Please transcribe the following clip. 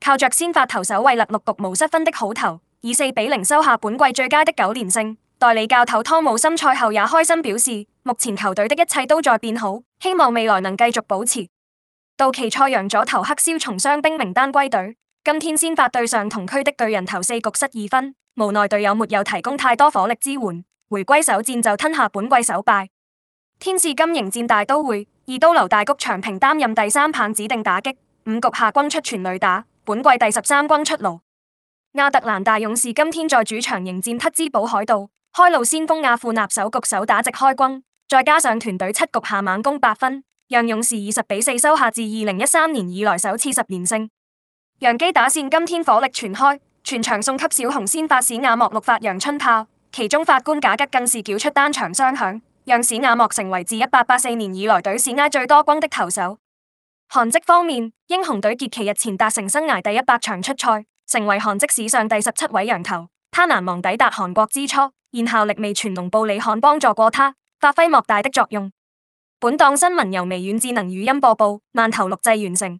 靠着先發投手衛立六局無失分的好投，以四比零收下本季最佳的九連勝。代理教頭湯姆森賽後也開心表示，目前球隊的一切都在變好，希望未來能繼續保持。到期賽揚左投黑消從傷兵名單歸隊，今天先發對上同區的巨人投四局失二分，無奈隊友沒有提供太多火力支援，回歸首戰就吞下本季首敗。天使金迎戰大都會，二刀流大谷翔平擔任第三棒指定打擊，五局下轟出全壘打。本季第十三轟出爐，亞特蘭大勇士今天在主場迎戰匹茲堡海盜，開路先鋒亞庫納首局手打直開轟，再加上團隊七局下猛攻八分，讓勇士以十比四收下自二零一三年以來首次十連勝。洋基打線今天火力全開，全場送給小紅先發史亞莫六發陽春砲，其中法官賈吉更是繳出單場雙響，讓史亞莫成為自一八八四年以來隊史挨最多轟的投手。韓職方面，英雄隊傑奇日前達成生涯第一百場出賽，成為韓職史上第十七位洋投。他難忘抵達韓國之初，現效力味全龍布里漢幫助過他，發揮莫大的作用。本檔新聞由微軟智能語音播報，慢頭錄製完成。